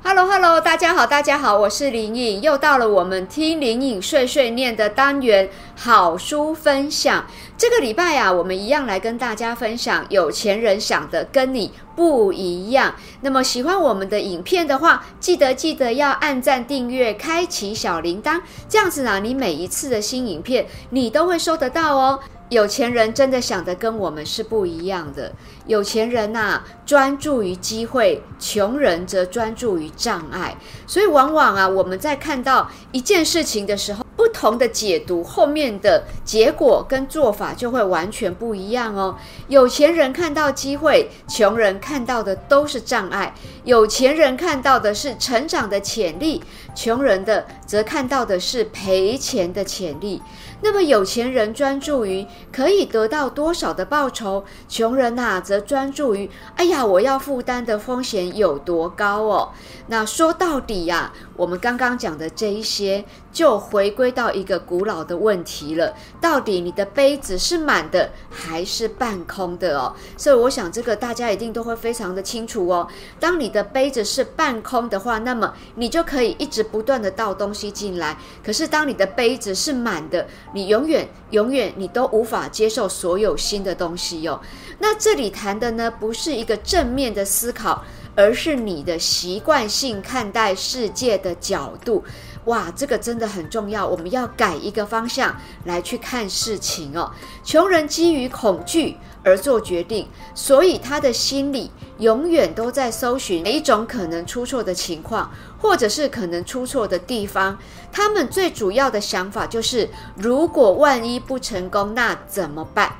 哈嘍，哈嘍，大家好，大家好，我是林穎，又到了我們聽林穎睡睡唸的單元，好書分享。這個禮拜啊，我們一樣來跟大家分享，有錢人想的跟你不一樣。那麼喜歡我們的影片的話，記得記得要按贊、訂閱、開啟小鈴鐺，這樣子呢、啊，你每一次的新影片你都會收得到哦。有錢人真的想的跟我們是不一樣的。有錢人吶，專注於機會；窮人則專注於障礙。所以，往往啊，我們在看到一件事情的時候，不同的解讀，後面的結果跟做法就會完全不一樣哦。有錢人看到機會，窮人看到的都是障礙；有錢人看到的是成長的潛力，窮人的則看到的是賠錢的潛力。那麼，有錢人專注於可以得到多少的報酬，窮人吶，則專注於，哎呀，我要負擔的風險有多高哦？那說到底呀。我們剛剛講的這一些，就回歸到一個古老的問題了。到底你的杯子是滿的還是半空的哦？所以我想這個大家一定都會非常的清楚哦。當你的杯子是半空的話，那麼你就可以一直不斷的倒東西進來。可是當你的杯子是滿的，你永遠、永遠你都無法接受所有新的東西哦。那這裡談的呢，不是一個正面的思考。而是你的習慣性看待世界的角度，哇，這個真的很重要。我們要改一個方向來去看事情哦。窮人基於恐懼而做決定，所以他的心裡永遠都在搜尋每一種可能出錯的情況，或者是可能出錯的地方。他們最主要的想法就是：如果萬一不成功，那怎麼辦？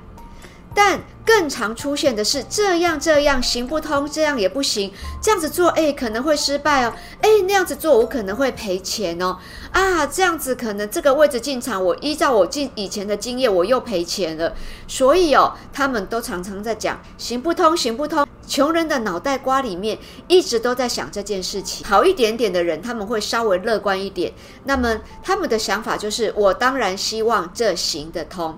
但更常出現的是這樣，這樣，這樣行不通，這樣也不行，這樣子做，哎、欸，可能會失敗哦，哎、欸，那樣子做，我可能會賠錢哦，啊，這樣子可能這個位置進場，我依照我進以前的經驗，我又賠錢了，所以哦，他們都常常在講行不通行不通，窮人的腦袋瓜裡面一直都在想這件事情，好一點點的人，他們會稍微樂觀一點，那麼他們的想法就是，我當然希望這行得通。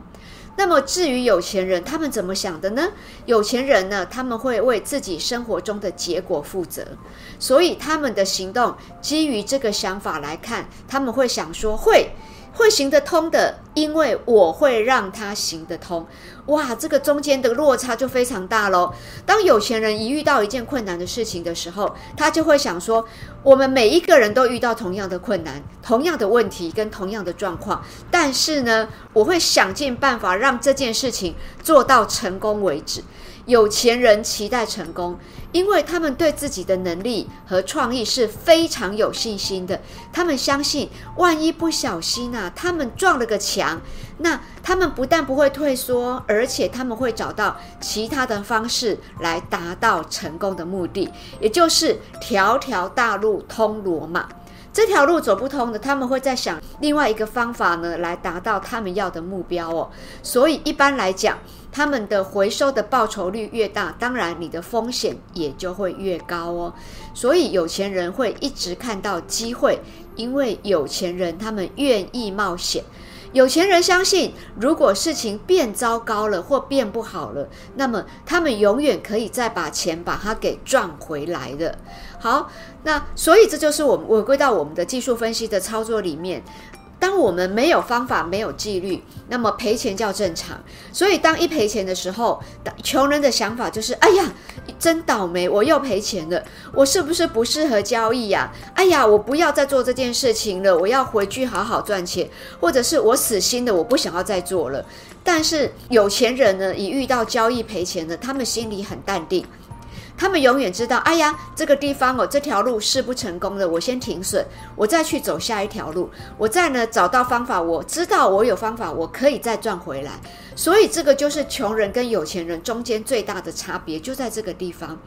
那麼至於有錢人，他們怎麼想的呢？有錢人呢，他們會為自己生活中的結果負責，所以他們的行動，基於這個想法來看，他們會想說，會。會行得通的，因為我會讓他行得通。哇，這個中間的落差就非常大嘍。當有錢人一遇到一件困難的事情的時候，他就會想說：我們每一個人都遇到同樣的困難、同樣的問題跟同樣的狀況，但是呢，我會想盡辦法讓這件事情做到成功為止。有錢人期待成功，因為他們對自己的能力和創意是非常有信心的。他們相信，萬一不小心啊，他們撞了個牆，那他們不但不會退縮，而且他們會找到其他的方式來達到成功的目的，也就是條條大路通羅馬。這條路走不通的，他們會在想另外一個方法呢，來達到他們要的目標哦。所以一般來講，他們的回收的報酬率越大，當然你的風險也就會越高哦。所以有錢人會一直看到機會，因為有錢人他們願意冒險。有錢人相信，如果事情變糟糕了或變不好了，那麼他們永遠可以再把錢把它給賺回來的。好，那所以這就是我們回歸到我們的技術分析的操作裡面。當我們沒有方法、沒有紀律，那麼賠錢較正常。所以，當一賠錢的時候，窮人的想法就是：哎呀，真倒霉，我又賠錢了，我是不是不適合交易呀、啊？哎呀，我不要再做這件事情了，我要回去好好賺錢，或者是我死心的，我不想要再做了。但是有錢人呢，一遇到交易賠錢呢，他們心裡很淡定。他們永遠知道，哎呀，這個地方哦，這條路是不成功的，我先停損，我再去走下一條路，我再呢找到方法，我知道我有方法，我可以再賺回來。所以這個就是窮人跟有錢人中間最大的差別，就在這個地方。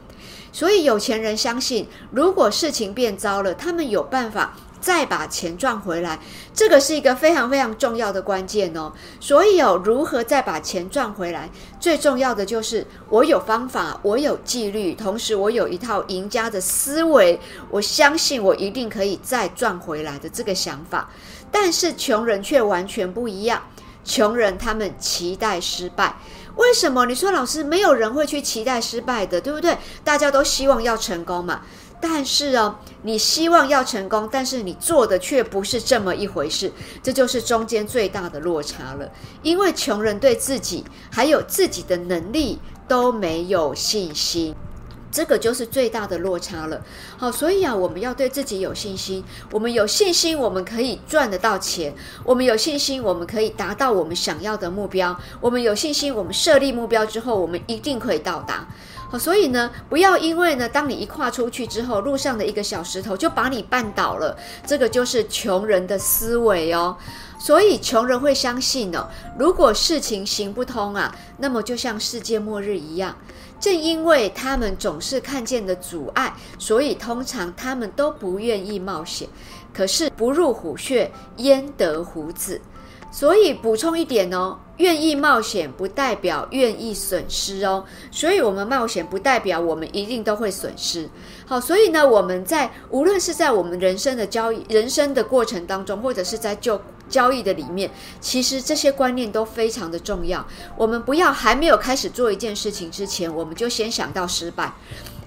所以有錢人相信，如果事情變糟了，他們有辦法，再把錢賺回來，這個是一個非常非常重要的關鍵哦。所以哦，如何再把錢賺回來，最重要的就是我有方法，我有紀律，同時我有一套贏家的思維。我相信我一定可以再賺回來的這個想法。但是窮人卻完全不一樣，窮人他們期待失敗。為什麼？你說老師，沒有人會去期待失敗的，對不對？大家都希望要成功嘛。但是啊，你希望要成功，但是你做的卻不是這麼一回事，這就是中間最大的落差了。因為窮人對自己還有自己的能力都沒有信心，這個就是最大的落差了。好，所以啊，我們要對自己有信心。我們有信心，我們可以賺得到錢；我們有信心，我們可以達到我們想要的目標；我們有信心，我們設立目標之後，我們一定可以到達。哦，所以呢，不要因為呢，當你一跨出去之後，路上的一個小石頭就把你絆倒了，這個就是窮人的思維哦。所以窮人會相信哦，如果事情行不通啊，那麼就像世界末日一樣。正因為他們總是看見的阻礙，所以通常他們都不願意冒險。可是不入虎穴，焉得虎子。所以補充一點哦，願意冒險不代表願意損失哦。所以，我們冒險不代表我們一定都會損失。好，所以呢，我們在無論是在我們人生的交易、人生的過程當中，或者是在就交易的裡面，其實這些觀念都非常的重要。我們不要還沒有開始做一件事情之前，我們就先想到失敗。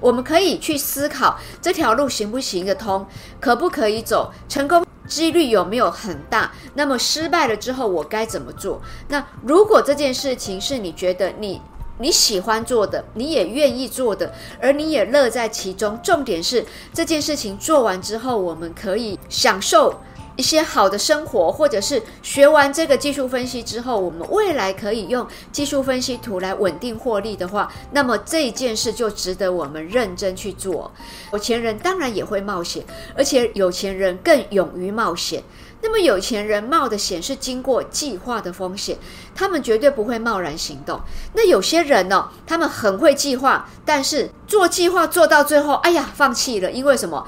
我們可以去思考這條路行不行得通，可不可以走，成功，幾率有沒有很大？那麼失敗了之後我該怎麼做？那如果這件事情是你覺得你你喜歡做的，你也願意做的，而你也樂在其中，重點是這件事情做完之後，我們可以享受。一些好的生活，或者是學完這個技術分析之後，我們未來可以用技術分析圖來穩定獲利的話，那麼這一件事就值得我們認真去做。有錢人當然也會冒險，而且有錢人更勇於冒險。那麼有錢人冒的險是經過計劃的風險，他們絕對不會貿然行動。那有些人呢、哦，他們很會計劃，但是做計劃做到最後，哎呀，放棄了，因為什麼？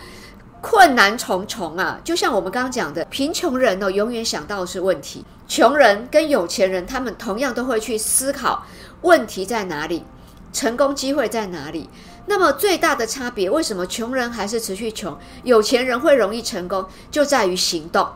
困難重重啊，就像我們剛剛講的，貧窮人哦，永遠想到的是問題。窮人跟有錢人，他們同樣都會去思考問題在哪裡，成功機會在哪裡。那麼最大的差別，為什麼窮人還是持續窮？有錢人會容易成功，就在於行動。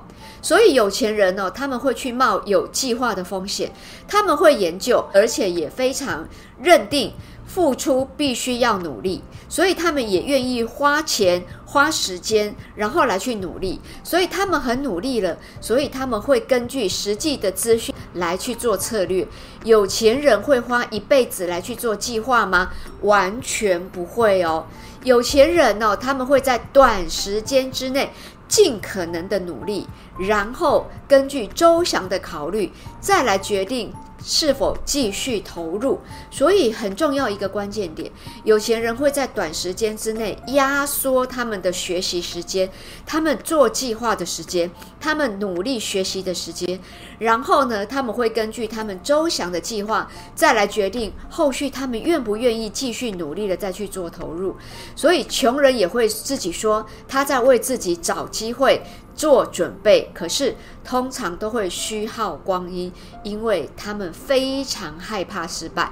所以有錢人哦，他們會去冒有計劃的風險，他們會研究，而且也非常認定。付出必須要努力，所以他們也願意花錢、花時間，然後來去努力。所以他們很努力了，所以他們會根據實際的資訊來去做策略。有錢人會花一輩子來去做計劃嗎？完全不會哦。有錢人哦，他們會在短時間之內盡可能的努力，然後根據周詳的考慮再來決定是否繼續投入？所以很重要一個關鍵點，有錢人會在短時間之內壓縮他們的學習時間、他們做計劃的時間、他們努力學習的時間，然後呢，他們會根據他們周詳的計劃，再來決定後續他們願不願意繼續努力的再去做投入。所以窮人也會自己說他在為自己找機會做準備，可是通常都會虛耗光陰，因為他們非常害怕失敗。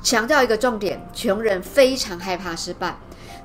強調一個重點，窮人非常害怕失敗，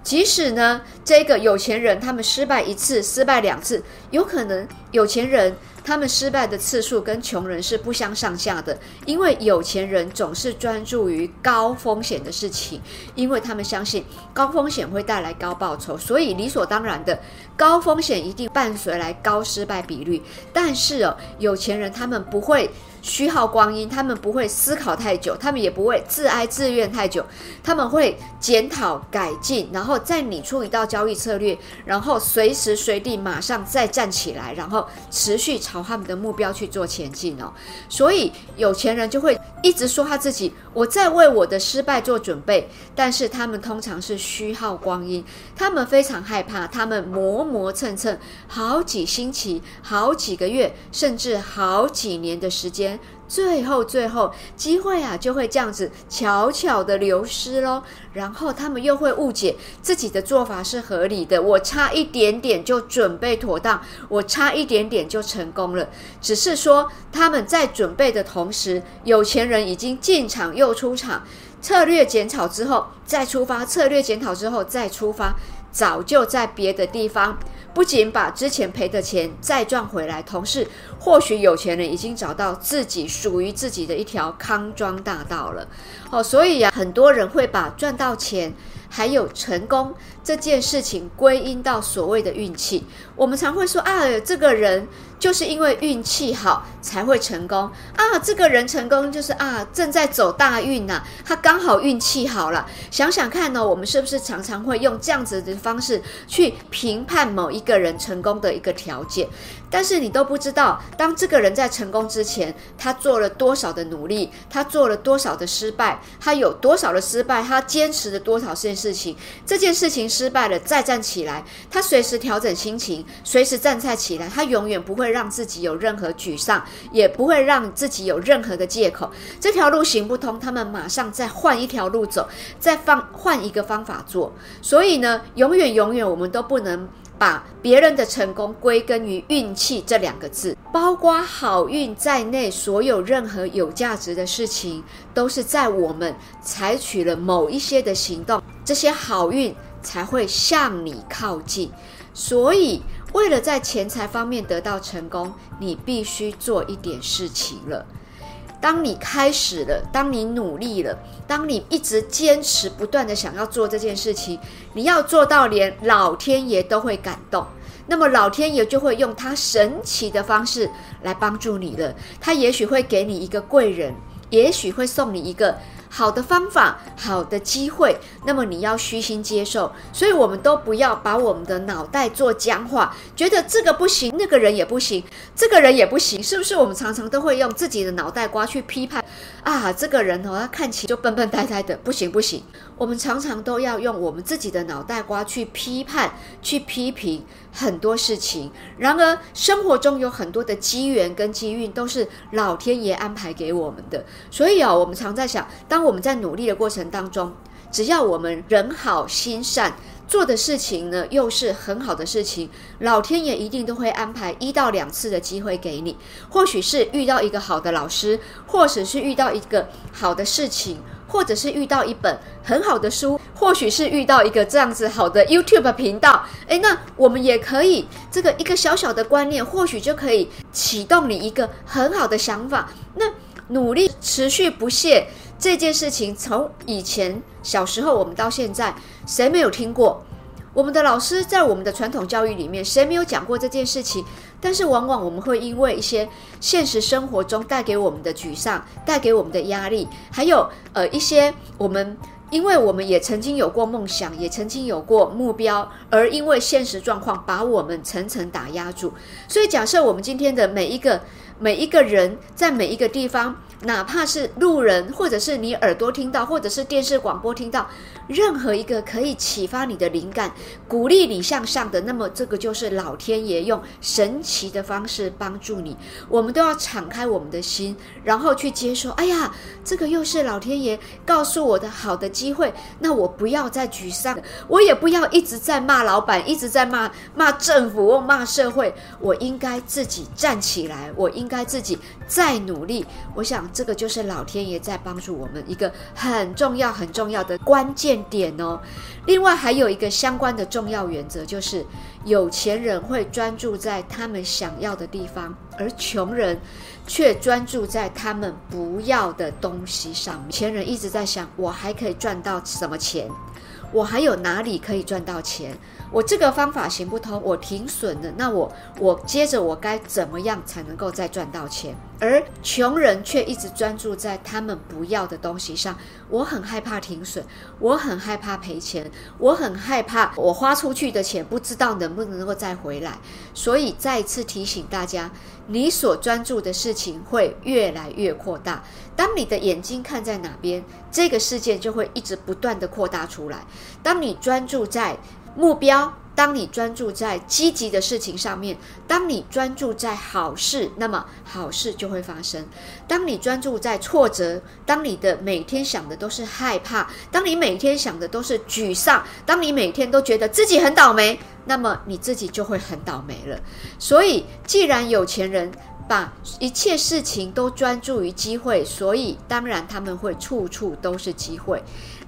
即使呢，這個有錢人，他們失敗一次、失敗兩次，有可能。有錢人他們失敗的次數跟窮人是不相上下的，因為有錢人總是專注於高風險的事情，因為他們相信高風險會帶來高報酬，所以理所當然的，高風險一定伴隨來高失敗比率。但是哦，有錢人他們不會虛耗光陰，他們不會思考太久，他們也不會自哀自怨太久，他們會檢討改進，然後再擬出一道交易策略，然後隨時隨地馬上再站起來，然後。持續朝他們的目標去做前進哦，所以有錢人就會一直說他自己，我在為我的失敗做準備，但是他們通常是虛耗光陰，他們非常害怕，他們磨磨蹭蹭好幾星期、好幾個月，甚至好幾年的時間。最後，最後，最後機會啊，就會這樣子悄悄的流失嘍。然後他們又會誤解自己的做法是合理的。我差一點點就準備妥當，我差一點點就成功了。只是說他們在準備的同時，有錢人已經進場又出場，策略檢討之後再出發，策略檢討之後再出發，早就在別的地方不僅把之前賠的錢再賺回來，同時，或許有錢人已經找到自己屬於自己的一條康莊大道了，哦，所以呀，很多人會把賺到錢還有成功這件事情歸因到所謂的運氣。我們常會說啊，這個人就是因為運氣好才會成功啊，這個人成功就是啊正在走大運吶，他剛好運氣好了。想想看呢，我們是不是常常會用這樣子的方式去評判某一個人成功的一個條件？但是你都不知道，當這個人在成功之前，他做了多少的努力，他做了多少的失敗，他有多少的失敗，他堅持了多少件事情。這件事情失敗了，再站起來，他隨時調整心情，隨時站在起來，他永遠不會讓自己有任何沮喪，也不會讓自己有任何的借口。這條路行不通，他們馬上再換一條路走，再放換一個方法做。所以呢，永遠永遠，我們都不能。把別人的成功歸根於運氣這兩個字，包括好運在內，所有任何有價值的事情，都是在我們採取了某一些的行動，這些好運才會向你靠近。所以，為了在錢財方面得到成功，你必須做一點事情了。當你開始了，當你努力了，當你一直堅持不斷地想要做這件事情，你要做到連老天爺都會感動，那麼老天爺就會用他神奇的方式來幫助你了。他也許會給你一個貴人，也許會送你一個。好的方法，好的機會，那麼你要虛心接受。所以，我們都不要把我們的腦袋做僵化，覺得這個不行，那個人也不行，這個人也不行，是不是？我們常常都會用自己的腦袋瓜去批判啊，這個人哦，他看起來就笨笨呆呆呆的，不行不行。我們常常都要用我們自己的腦袋瓜去批判、去批評很多事情。然而，生活中有很多的機緣跟機運都是老天爺安排給我們的。所以啊，我們常在想，當我們在努力的過程當中，只要我們人好心善，做的事情呢，又是很好的事情，老天爺一定都會安排一到兩次的機會給你。或許是遇到一個好的老師，或者是遇到一個好的事情。或者是遇到一本很好的書，或許是遇到一個這樣子好的 YouTube 頻道，誒、欸，那我們也可以這個一個小小的觀念，或許就可以啟動你一個很好的想法。那努力持續不懈這件事情，從以前小時候我們到現在，誰沒有聽過？我們的老師在我們的傳統教育裡面，誰沒有講過這件事情？但是，往往我們會因為一些現實生活中帶給我們的沮喪、帶給我們的壓力，還有呃一些我們因為我們也曾經有過夢想，也曾經有過目標，而因為現實狀況把我們層層打壓住。所以，假設我們今天的每一個每一個人，在每一個地方，哪怕是路人，或者是你耳朵聽到，或者是電視廣播聽到。任何一個可以啟發你的靈感、鼓勵你向上的，那麼這個就是老天爺用神奇的方式幫助你。我們都要敞開我們的心，然後去接受。哎呀，這個又是老天爺告訴我的好的機會。那我不要再沮喪，我也不要一直在罵老闆，一直在罵罵政府，罵社會。我應該自己站起來，我應該自己再努力。我想，這個就是老天爺在幫助我們一個很重要、很重要的關鍵點哦，另外還有一個相關的重要原則，就是有錢人會專注在他們想要的地方，而窮人卻專注在他們不要的東西上面。窮人一直在想，我還可以賺到什麼錢？我還有哪裡可以賺到錢？我這個方法行不通，我停損了，那我我接着我該怎麼樣才能夠再賺到錢？而窮人卻一直專注在他們不要的東西上。我很害怕停損，我很害怕賠錢，我很害怕我花出去的錢不知道能不能夠再回來。所以再一次提醒大家，你所專注的事情會越來越擴大。當你的眼睛看在哪邊，這個世界就會一直不斷地擴大出來。當你專注在目標。當你專注在積極的事情上面，當你專注在好事，那麼好事就會發生。當你專注在挫折，當你的每天想的都是害怕，當你每天想的都是沮喪，當你每天都覺得自己很倒霉，那麼你自己就會很倒霉了。所以，既然有錢人把一切事情都專注於機會，所以當然他們會處處都是機會。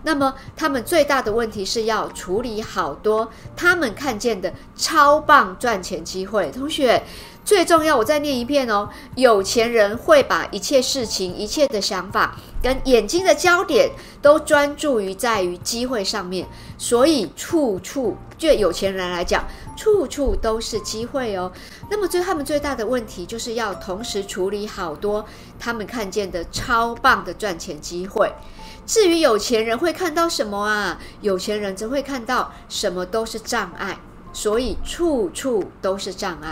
那麼他們最大的問題是要處理好多他們看見的超棒賺錢機會。同學，最重要我再念一遍哦。有錢人會把一切事情、一切的想法跟眼睛的焦點都專注於在於機會上面，所以處處就有錢人來講，處處都是機會哦。那麼，所以他們最大的問題就是要同時處理好多他們看見的超棒的賺錢機會。至於有錢人會看到什麼啊？有錢人只會看到什麼都是障礙，所以處處都是障礙。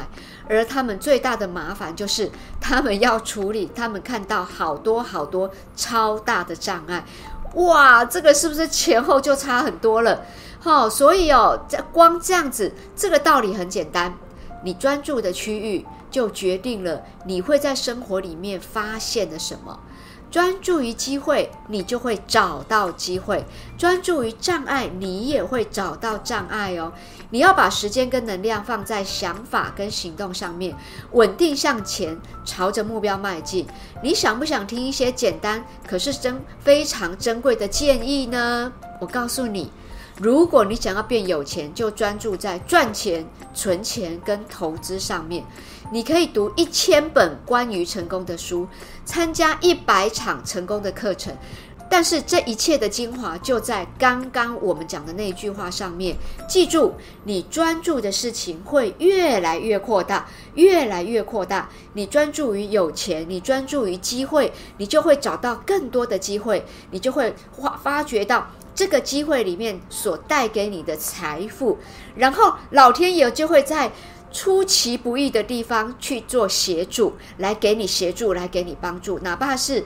而他們最大的麻煩就是，他們要處理他們看到好多好多超大的障礙。哇，這個是不是前後就差很多了？好，哦，所以哦，這光這樣子，這個道理很簡單，你專注的區域就決定了你會在生活裡面發現了什麼。專注於機會，你就會找到機會；專注於障礙，你也會找到障礙哦。你要把時間跟能量放在想法跟行動上面，穩定向前，朝着目標邁進。你想不想聽一些簡單可是真非常珍貴的建議呢？我告訴你。如果你想要變有錢，就專注在賺錢、存錢跟投資上面。你可以讀一千本關於成功的書，參加一百場成功的課程，但是這一切的精華就在剛剛我們講的那句話上面。記住，你專注的事情會越來越擴大，越來越擴大。你專注於有錢，你專注於機會，你就會找到更多的機會，你就會發發覺到，這個機會裡面所帶給你的財富，然後老天爺就會在出其不意的地方去做協助，來給你協助，來給你幫助，哪怕是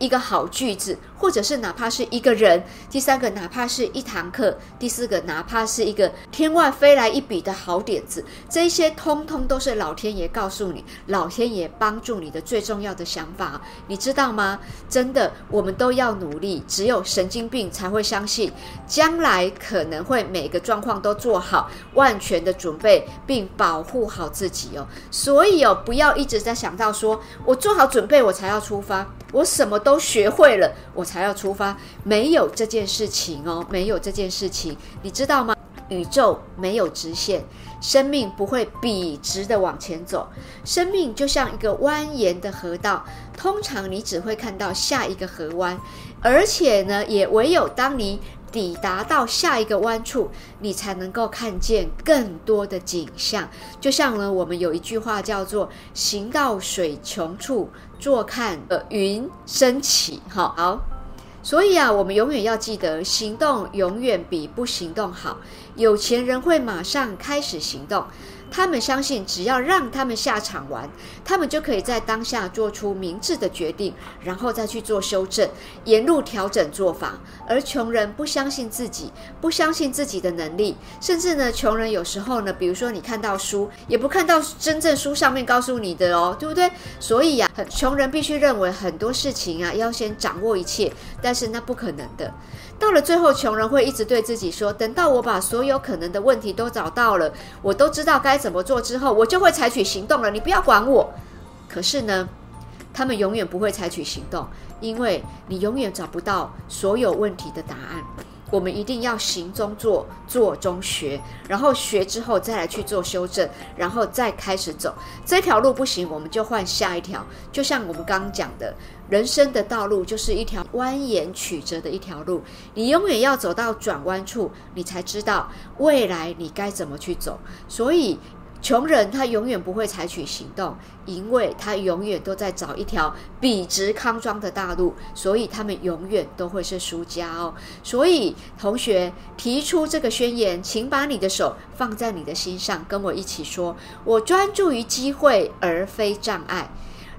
一個好句子。或者是哪怕是一個人。第三個哪怕是一堂課。第四個哪怕是一個天外飛來一筆的好點子，這些通通都是老天爺告訴你，老天爺幫助你的最重要的想法啊，你知道嗎？真的，我們都要努力，只有神經病才會相信將來可能會每個狀況都做好，萬全的準備並保護好自己哦。所以哦，不要一直在想到說我做好準備我才要出發，我什麼都學會了我，才要出發，沒有這件事情哦，沒有這件事情，你知道嗎？宇宙沒有直線，生命不會筆直的往前走，生命就像一個蜿蜒的河道，通常你只會看到下一個河灣，而且呢，也唯有當你抵達到下一個彎處，你才能夠看見更多的景象。就像呢，我們有一句話叫做“行到水窮處，坐看，呃，雲升起”，好，好。所以啊，我們永遠要記得，行動永遠比不行動好。有錢人會馬上開始行動。他們相信，只要讓他們下場玩，他們就可以在當下做出明智的決定，然後再去做修正，沿路調整做法。而窮人不相信自己，不相信自己的能力，甚至呢，窮人有時候呢，比如說你看到書，也不看到真正書上面告訴你的哦，對不對？所以呀、啊，窮人必須認為很多事情啊，要先掌握一切，但是那不可能的。到了最後，窮人會一直對自己說：“等到我把所有可能的問題都找到了，我都知道該怎麼做之後，我就會採取行動了。”你不要管我。可是呢，他們永遠不會採取行動，因為你永遠找不到所有問題的答案。我們一定要行中做，做中學，然後學之後再來去做修正，然後再開始走。這條路不行，我們就換下一條。就像我們剛剛講的，人生的道路就是一條蜿蜒曲折的一條路，你永遠要走到轉彎處，你才知道未來你該怎麼去走。所以。窮人他永遠不會採取行動，因為他永遠都在找一條筆直康莊的大路，所以他們永遠都會是輸家哦。所以同學提出這個宣言，請把你的手放在你的心上，跟我一起說：“我專注於機會而非障礙。”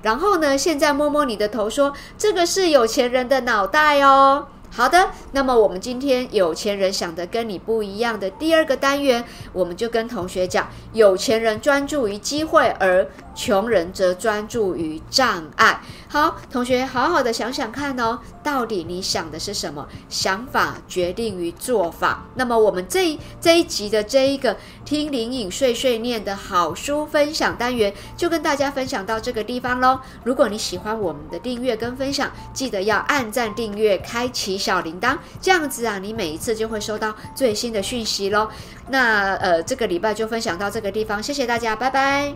然後呢，現在摸摸你的頭，說：“這個是有錢人的腦袋哦。”好的，那麼我們今天有錢人想的跟你不一樣的第二個單元，我們就跟同學講，有錢人專注於機會，而窮人則專注於障礙。好，同學，好好的想想看哦，到底你想的是什麼？想法決定於做法。那麼我們這這一集的這一個聽林穎睡睡唸的好書分享單元，就跟大家分享到這個地方嘍。如果你喜歡我們的訂閱跟分享，記得要按讚、訂閱、開啟小鈴鐺，這樣子啊，你每一次就會收到最新的訊息嘍。那呃，這個禮拜就分享到這個地方，謝謝大家，拜拜。